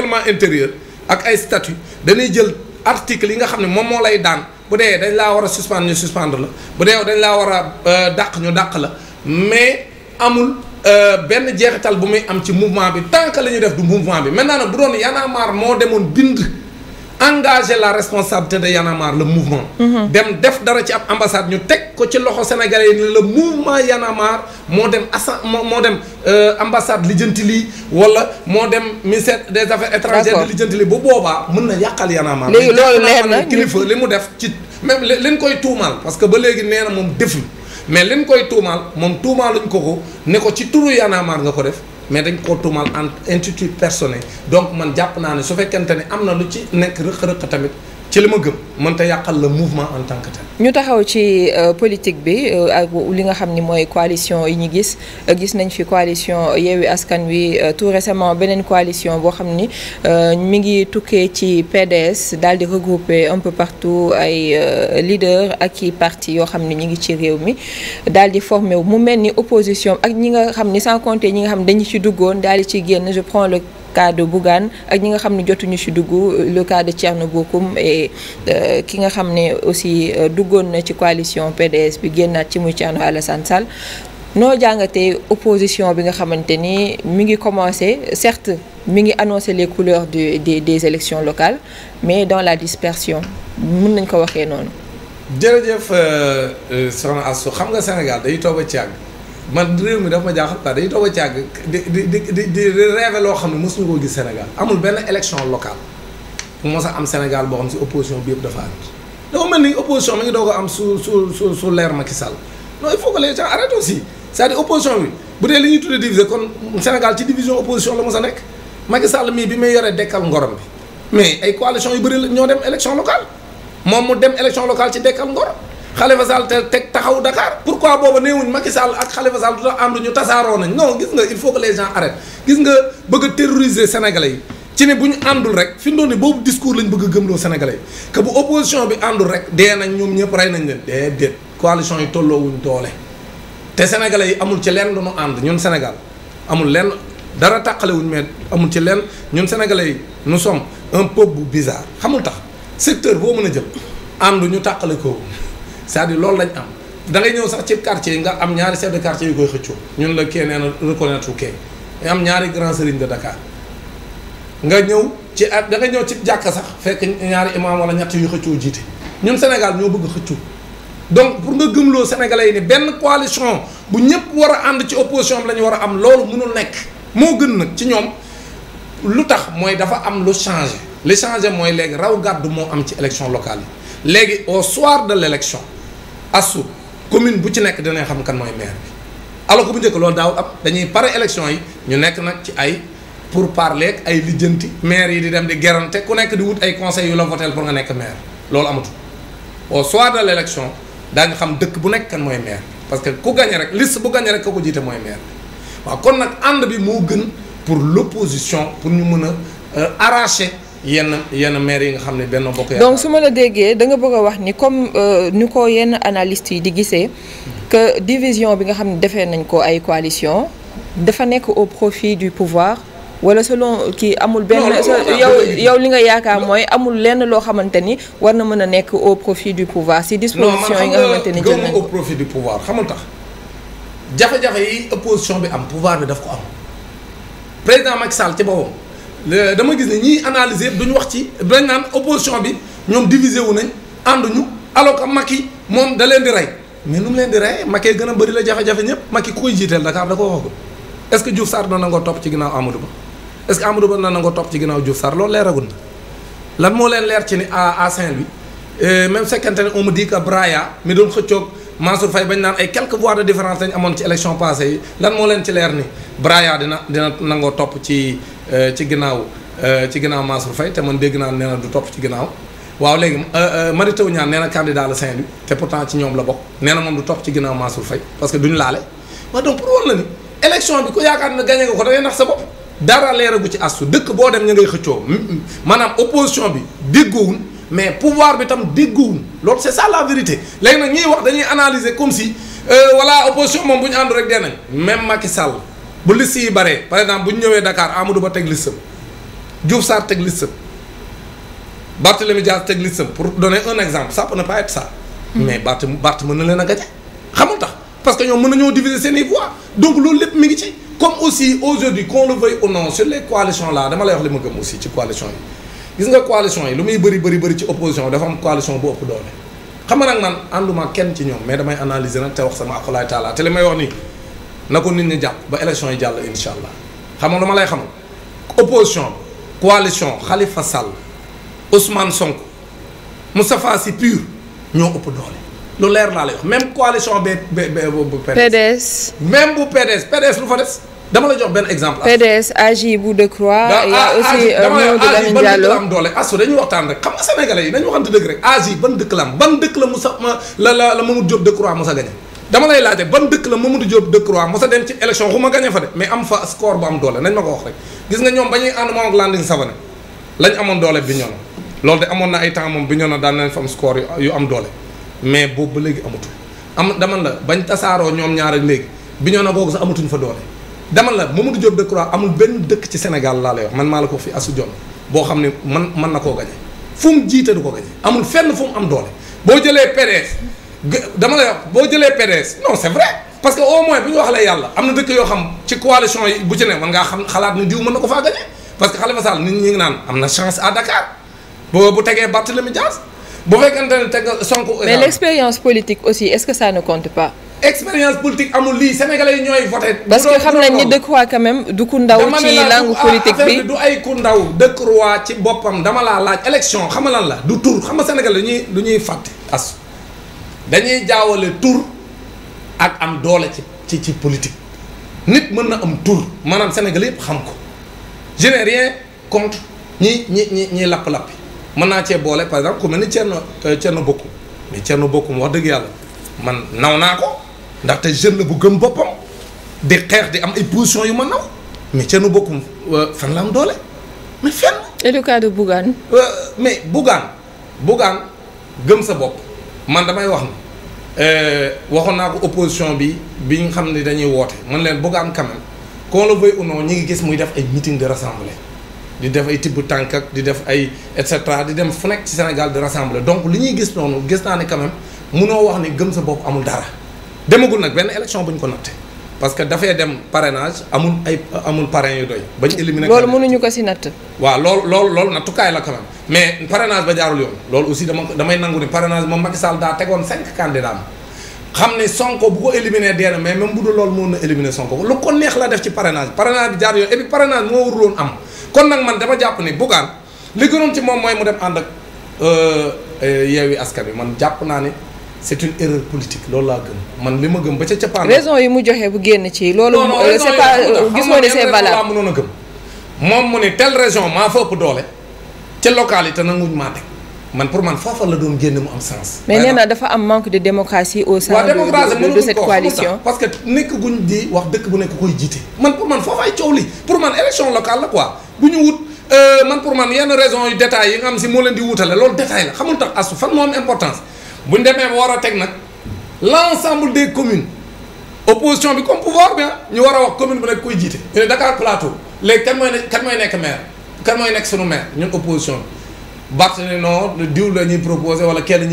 règlement intérieur ak ay statut dañuy jël article yi nga xam ne moom moo lay daan bu dee dañ laa war a suspendre ñu suspendre la bu dee dañ laa war a euh, dàq ñu dàq la mais amul euh, benn jeexital bu muy am ci mouvement bi tant que la ñuy def du mouvement bi maintenant nag bu doon Y'en a marre moo demoon bind engagé la responsabilité de Y'en la marre le mouvement. Mhm. dem def dara ci ab ambassade ñu teg ko ci loxo Sénégalais yi le mouvement Y'en a marre moo dem assa moo dem euh, ambassade lijjanti lii wala moo dem ministère des affaires étrangères di lijjanti lii bu boobaa mën na yàqal Y'en a marre. léegi loolu leer na kilifa li mu def ci même liñ koy tuumaal parce que ba léegi nee na moom deful mais liñ koy tuumaal moom tuumaaluñ ko ko ne ko ci turu Y'en a nga ko def. mais dañ koo tuumal en intitut personnel donc man jàpp naa ne su fekkente ni am na lu ci nekk rëq-rëq tamit ci li ma gëm mënta yàqal la mouvement en tant que ñu taxaw ci euh, politique bi euh, ak li nga xam ni mooy coalition yi ñu gis euh, gis nañ fi coalition Yewwi Askan Wi tout récemment beneen coalition boo xam ni mi ngi tukkee ci PDS daal di regrouper un peu partout ay leaders ak i parti yoo xam ni ñu ngi ci réew mi daal di former mu mel ni opposition ak ñi nga xam ni sans compter ñi nga xam ni dañu ci duggoon daal di ci génn je prends le. cas de Bougane ak ñi nga xam ne jotuñu ci dugg le cas de Thierno Bocoum et euh, ki nga xam ne aussi euh, duggoon na ci coalition PDS bi génnaat ci muy Thierno Alassane Sall noo jàngate opposition bi nga xamante ni mi ngi commencé certes mi ngi annoncer les couleurs du des des élections locales mais dans la dispersion mën nañ ko waxee noonu. jërëjëf euh, soxna Astou xam nga Sénégal day toog a ci man réew mi dafa ma jaaxal quoi dañuy toog a càgg di di di di rêve loo xam ne mosuñu koo gis Sénégal amul benn élection locale bu mos a am Sénégal boo xam si opposition bi yëpp dafa ànd dafa mel ni opposition mi ngi doog a am su su su su leer Macky Sall non il faut que les gens arrêtent aussi cest à opposition bi bu dee li ñuy tuddee diviser kon Sénégal ci division opposition la mos a nekk Macky Sall mii bi may yoree dekkal ngorom bi mais ay coalition yu bëri la ñoo dem élection locale moom mu dem élection locale ci dekkal ngorom. xale Sall te teg taxaw Dakar pourquoi booba néewuñ Macky Sall ak Khalifa Sall du ànd ñu tasaaroo nañ non gis nga il faut que les gens arrêtent gis nga bëgg a terroriser sénégalais yi ci ne bu ñu àndul rek fi mu ne boobu discours lañ bëgg a gëmloo sénégalais yi que bu opposition bi àndul rek dee nañ ñoom ñëpp rey nañ leen déedéet coalition yi tolloowuñ doole te sénégalais yi amul ci lenn duñu ànd ñun Sénégal amul lenn dara tàqalewuñ mais amul ci lenn ñun sénégalais yi nous sommes un peuple bu bizarre xamul tax secteur boo mën a jël ànd ñu tàqale ko cest à loolu lañ am da ngay ñëw sax ci quartier yi nga am ñaari chef de quartier yu koy xëccoo ñun la kee nee na reconnaître kee am ñaari grand sëriñ de Dakar nga ñëw ci da nga ñëw ci jàkka sax fekk ñaari imam wala ñett yu xëccoo jiite ñun Sénégal ñoo bëgg xëccoo donc pour nga gëmloo sénégalais yi ni benn coalition bu ñëpp war a ànd ci opposition bi la ñu war a am loolu mënul nekk moo gën nag ci ñoom lu tax mooy dafa am lu changé li changé mooy léegi raw gàddu moo am ci élection locale yi léegi au soir de l' asu commune bu ci nekk dinañ xam kan mooy maire bi alors bu njëkk loolu daaw am dañuy pare élection yi ñu nekk nag ci ay pour parler ak ay lijjanti maire yi di dem di gerante ku nekk di wut ay conseil yu la votel pour nga nekk maire loolu amatul au soir de l' élection daa nga xam dëkk bu nekk kan mooy maire parce que ku gañe rek liste bu gañe rek ka ko jiite mooy maire waaw kon nag ànd bi moo gën pour l' opposition pour ñu mën a euh, arracher yenn yenn maire yi nga xam ne benn bokk donc su ma la déggee da nga bëgg a wax ni comme euh, ni ko yenn analystes yi di gisee que division bi nga xam ne defee nañ ko ay coalition dafa nekk au profit du pouvoir wala selon kii amul benn yow yow li nga yaakaar mooy amul lenn loo xamante ni war na mën a nekk au profit du pouvoir si disposition yi nga xamante ni jël nañ au profit du pouvoir xamul tax jafe-jafe yi opposition bi am pouvoir bi daf ko am président Macky dama gis ne ñiy analyser yëpp duñu wax ci dañ naan opposition bi ñoom divisé wu nañ ànduñu alors que yi moom da leen di rey mais nu mu leen di rey Macky gën a bëri la jafe-jafe ñëpp yi ko koy jiiteel Dakar da ko waxagul est ce que Diouf Sarr dana nangoo ci ginnaaw Amadou Ba est ce que Amadou Ba dana nangoo topp ci ginnaaw Diouf Sarr loolu leeragul na lan moo leen leer ci ni à à Saint-Louis même fekkente ne on me dit que Braya mi doon xëccoog Mansour Faye bañ naan ay quelques voix de différence lañ amoon ci élection passée yi lan moo leen ci leer ni Braya dina dina nangoo topp ci euh, ci ginnaaw euh, ci te man dégg naan nee na du topp ci ginnaaw waaw léegi euh, Mary Teuw Niane nee na candidat la Saint-Louis te pourtant ci ñoom la bokk nee na moom du topp ci ginnaaw Mansour Faye parce que duñ laale waaw donc pour woon la ni élection bi ko yaakaar ne gagné nga ko da nax sa bopp dara leeragu ci astu dëkk boo dem ñu ngay xëccoo maanaam opposition bi déggoowuñ mais pouvoir bi tam dégguwuñ loolu c'est ça la vérité léegi nag ñuy wax dañuy analyser comme si euh, voilà opposition moom bu ñu ànd rek dee nañ même Macky Sall bu liste yi bare par exemple bu ñu ñëwee Dakar Amadou Ba teg listam Diouf Sarr teg listam Barthélémy Dias teg listam pour donner un exemple ça peut ne pas être ça. Mm. mais Barth Barth mën na leen a gañe xamul tax parce que ñoom mën nañoo diviser seen i voix donc loolu lépp mi ngi ci comme aussi aujourd'hui qu'on aussi ci coalition yi. gis nga coalition yi lu muy bëri bëri bëri ci opposition dafa am coalition bu ëpp doole xam nga nag man ànduma kenn ci ñoom mais damay analyser nag te wax sama akulaay taala te li may wax nii na ko nit ñi jàpp ba élection yi jàll incha allah xam nga lu ma lay xamal opposition coalition Khalifa Sall Ousmane Sonko Moustapha Sy pur ñoo ëpp doole lu leer laa lay wax même coalition ba ba ba bu PDS. même bu PDS PDS lu fa des. dama la jox benn exemple. PDS AJ euh, dëkk la am doole asu waxtaan rek xam nga sénégalais yi nañu waxante dëgg rek AJ ban dëkk la am ban dëkk la Moussa la la la Mamadou Diop Decroix mos a gagné. dama lay laajte ban dëkk la Mamadou Diop Decroix mos a dem ci élection xuma ma gagné fa de mais am fa score bu am doole nañ ma ko wax rek gis nga ñoom ba ñuy ànd moom ak Landing Savané lañ amoon doole bi ñoom loolu de amoon na ay temps moom bi ñoom daan nañ fa am score yu am doole mais ba léegi amatul am dama bañ tasaaroo ñoom ñaar ak léegi bi ñoo na googu sax amatuñ fa doole dama la Mamadou Diop Decroix amul benn dëkk ci Sénégal laa lay wax man maa la ko fi asu boo xam ne man man na koo gañe fu mu jiite du ko gañe amul fenn fu mu am doole boo jëlee PDS dama lay wax boo jëlee PDS non c'est vrai parce que au moins bu ñu waxalee yàlla am na dëkk yoo xam ci coalition yi bu ci ne man ngaa xam xalaat ni diw mën na ko faa gañe parce que Khalifa Sall nit ñi ngi naan am na chance à Dakar boo bu tegee Barthélémy Dias bu fekkente ne teg Sonko mais l'expérience politique aussi est expérience politique amul lii sénégalais yi ñooy voté. parce que xam nañ ni dëkk roi quand même du ku ndaw. ci langue ah, politique bi du ay ku ndaw dëkk roi ci boppam dama laa laaj élection xam lan la du tur xama nga Sénégal dañuy du ñuy fàtte as dañuy jaawale tur ak am doole ci ci ci politique nit mën na am tur maanaam sénégalais yëpp xam ko je n'ai ñi ñi ñi ñi lapp-lappi mën naa cee boole par exemple ku mel ni Thierno euh, Thierno Bocoum mais Thierno wax dëgg yàlla ndaxte jeune la bu gëm boppam di xeex di am ay position yu ma naw mais ca nu bokkum euh, fan la am doole mais fenn. et le cas de Bougane. Euh, mais Bougane Bougane gëm sa bopp man damay wax ni euh, waxoon naa ko opposition bi bi ñu xam ne dañuy woote man leen Bougane quand même qu'on le veuille ou ñu ngi gis muy def ay meeting de rassembler di def ay tibb tànk ak di def ay et cetera di dem fu nekk ci Sénégal di rassembler donc li ñuy gis noonu gis naa ne quand même munoo wax ni gëm sa bopp amul dara. demagul nag benn élection bu ñu ko natte parce que dafay dem parrainage amul ay amul parrain yu doy. bañ éliminer loolu mënuñu ko si natt. waaw loolu loolu loolu nattukaay la quand même mais parrainage ba jaarul yoon loolu aussi dama damay nangu ni parrainage moom Macky Sall daa tegoon cinq candidats am xam ne Sonko bu ko éliminer dee na mais même bu dul loolu mën na éliminer Sonko lu ko neex la def ci parrainage parrainage bi jaar yoon et puis parrainage moo waruloon am kon na man dama jàpp ni Bougane li gënoon ci moom mooy mu dem ànd ak euh, yeewi askan bi man jàpp naa ni. c'est une erreur politique loolu laa gëm man li ma gëm ba ca cappaandaw. raison yi mu joxe bu génn ci loolu. Euh, c'est pas euh, gis nga ne c'est valable mënoon a gëm. moom mu ne telle région maa fa ëpp doole ca localité nanguñ maa teg man pour man foofa que nekk guñ di wax dëkk bu nekk koy man pour man foofa ay coow li pour man élection locale la quoi bu ñu wut. Euh, man pour man yenn raison yu détails yi am si moo leen di wutale loolu détail la xamul tax asu fan moo am importance buñ demee ba war a teg nag l' ensemble des communes opposition bi comme pouvoir bi ah ñu war a wax commune bi nag koy jiite. ñu ne Dakar Plateau léegi kan mooy ne kan mooy nekk maire kan mooy nekk sunu maire ñun opposition bi Barthélémy non diw la ñuy proposé wala kenn.